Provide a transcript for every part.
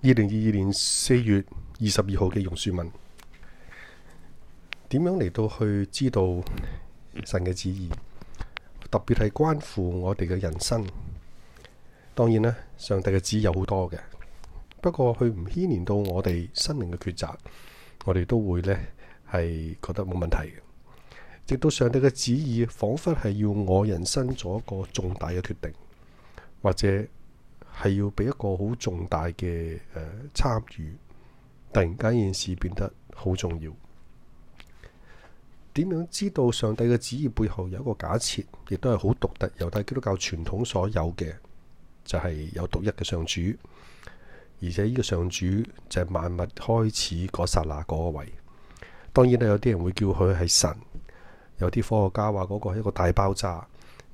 二零二二年四月二十二號嘅榕樹文，點樣嚟到去知道神嘅旨意？特別係關乎我哋嘅人生。當然啦，上帝嘅旨意有好多嘅，不過佢唔牽連到我哋生命嘅抉擇，我哋都會呢係覺得冇問題嘅。直到上帝嘅旨意，仿佛係要我人生做一個重大嘅決定，或者。係要俾一個好重大嘅誒、呃、參與，突然間一件事變得好重要。點樣知道上帝嘅旨意，背後有一個假設，亦都係好獨特，猶太基督教傳統所有嘅，就係、是、有獨一嘅上主，而且呢個上主就係萬物開始嗰剎那嗰個位。當然咧，有啲人會叫佢係神，有啲科學家話嗰個係一個大爆炸，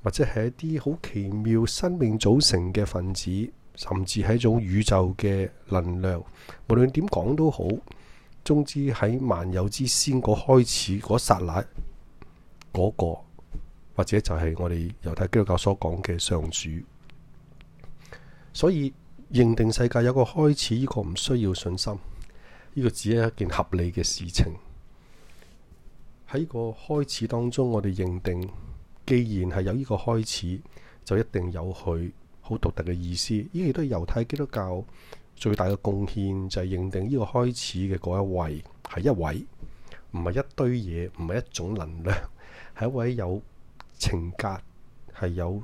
或者係一啲好奇妙生命組成嘅分子。甚至係一種宇宙嘅能量，無論點講都好，總之喺萬有之先嗰，開始嗰剎那，嗰、那個或者就係我哋猶太基督教所講嘅上主。所以認定世界有一個開始，呢、這個唔需要信心，呢、這個只係一件合理嘅事情。喺個開始當中，我哋認定，既然係有呢個開始，就一定有佢。好獨特嘅意思，呢亦都係猶太基督教最大嘅貢獻，就係認定呢個開始嘅嗰一位係一位，唔係一堆嘢，唔係一種能量，係一位有情格，係有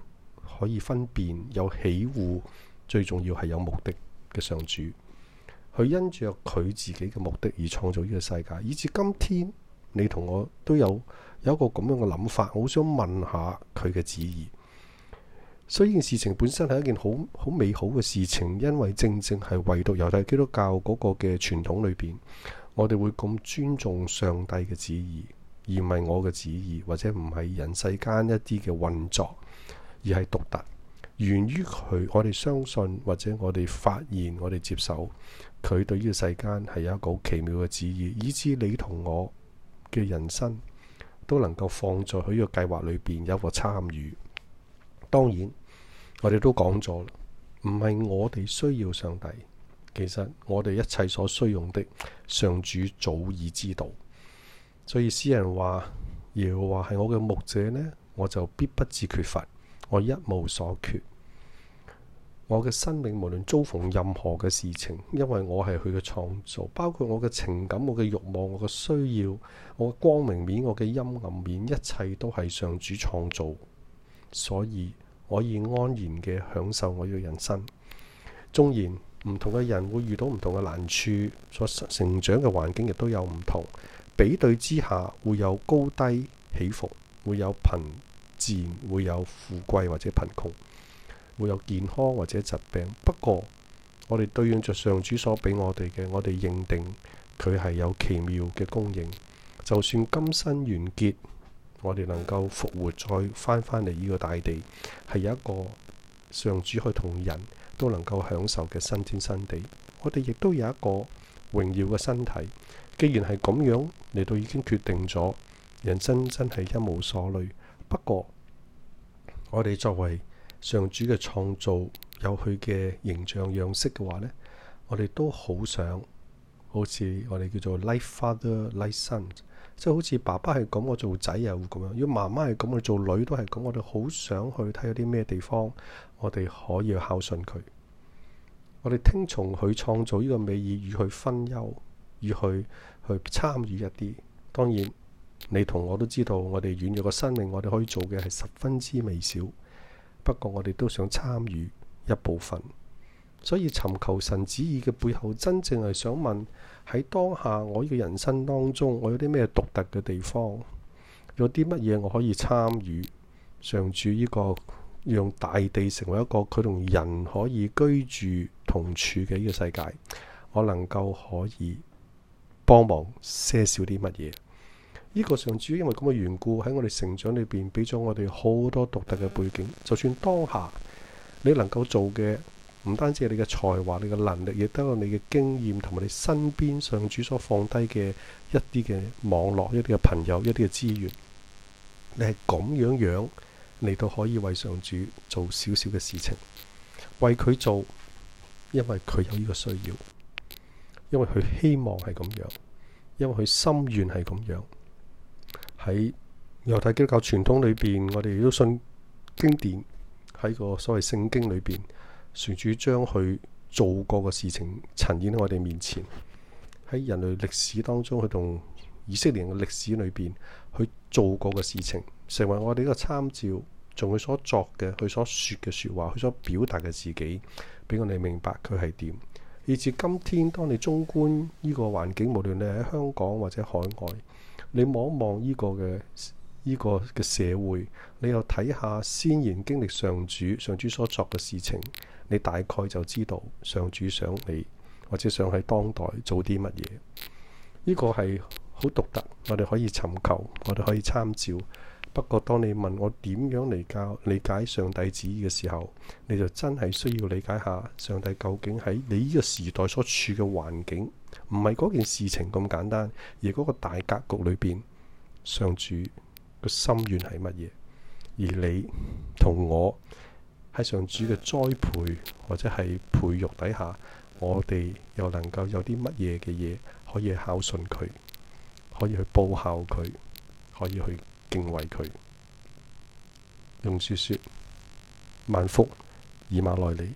可以分辨、有喜惡，最重要係有目的嘅上主，佢因著佢自己嘅目的而創造呢個世界，以至今天你同我都有有一個咁樣嘅諗法，好想問下佢嘅旨意。所以呢件事情本身係一件好好美好嘅事情，因為正正係唯獨猶太基督教嗰個嘅傳統裏邊，我哋會咁尊重上帝嘅旨意，而唔係我嘅旨意，或者唔係人世間一啲嘅運作，而係獨特，源於佢。我哋相信，或者我哋發現，我哋接受佢對呢個世間係有一個好奇妙嘅旨意，以至你同我嘅人生都能夠放在佢個計劃裏邊有個參與。當然。我哋都講咗唔係我哋需要上帝，其實我哋一切所需用的上主早已知道。所以詩人話，耶和華係我嘅牧者呢，我就必不致缺乏，我一無所缺。我嘅生命無論遭逢任何嘅事情，因為我係佢嘅創造，包括我嘅情感、我嘅欲望、我嘅需要、我嘅光明面、我嘅陰暗面，一切都係上主創造，所以。可以安然嘅享受我嘅人生。縱然唔同嘅人會遇到唔同嘅難處，所成長嘅環境亦都有唔同。比對之下，會有高低起伏，會有貧賤，會有富貴或者貧窮，會有健康或者疾病。不過，我哋對應着上主所俾我哋嘅，我哋認定佢係有奇妙嘅供應，就算今生完結，我哋能夠復活，再翻返嚟呢個大地，係有一個上主去同人都能夠享受嘅新天新地。我哋亦都有一個榮耀嘅身體。既然係咁樣，嚟到已經決定咗，人生真係一無所累。不過，我哋作為上主嘅創造，有佢嘅形象樣式嘅話呢，我哋都好想，好似我哋叫做 Like Father Like Son。即好似爸爸係咁，我做仔又咁樣。如果媽媽係咁，我做女都係咁。我哋好想去睇下啲咩地方，我哋可以孝順佢。我哋聽從佢創造呢個美意，與佢分憂，與佢去參與一啲。當然，你同我都知道，我哋軟弱嘅生命，我哋可以做嘅係十分之微小。不過，我哋都想參與一部分。所以尋求神旨意嘅背後，真正係想問喺當下我呢個人生當中，我有啲咩獨特嘅地方？有啲乜嘢我可以參與上主呢個讓大地成為一個佢同人可以居住同處嘅呢個世界？我能夠可以幫忙些少啲乜嘢？呢個上主因為咁嘅緣故喺我哋成長裏邊俾咗我哋好多獨特嘅背景。就算當下你能夠做嘅。唔單止係你嘅才華，你嘅能力，亦都有你嘅經驗，同埋你身邊上主所放低嘅一啲嘅網絡、一啲嘅朋友、一啲嘅資源，你係咁樣樣你都可以為上主做少少嘅事情，為佢做，因為佢有呢個需要，因為佢希望係咁樣，因為佢心願係咁樣。喺猶太基督教傳統裏邊，我哋亦都信經典，喺個所謂聖經裏邊。船主將佢做過嘅事情呈現喺我哋面前，喺人類歷史當中，佢同以色列人嘅歷史裏邊，去做過嘅事情，成為我哋一個參照。從佢所作嘅，佢所說嘅說話，佢所表達嘅自己，俾我哋明白佢係點。以至今天，當你綜觀呢個環境，無論你喺香港或者海外，你望一望呢個嘅。呢個嘅社會，你又睇下先賢經歷上主上主所作嘅事情，你大概就知道上主想你或者想喺當代做啲乜嘢。呢、這個係好獨特，我哋可以尋求，我哋可以參照。不過，當你問我點樣嚟教理解上帝旨意嘅時候，你就真係需要理解下上帝究竟喺你呢個時代所處嘅環境，唔係嗰件事情咁簡單，而嗰個大格局裏邊上主個心願係乜嘢？而你同我喺上主嘅栽培或者係培育底下，我哋又能夠有啲乜嘢嘅嘢可以孝順佢，可以去報效佢，可以去敬畏佢。用樹說：萬福以馬內利。」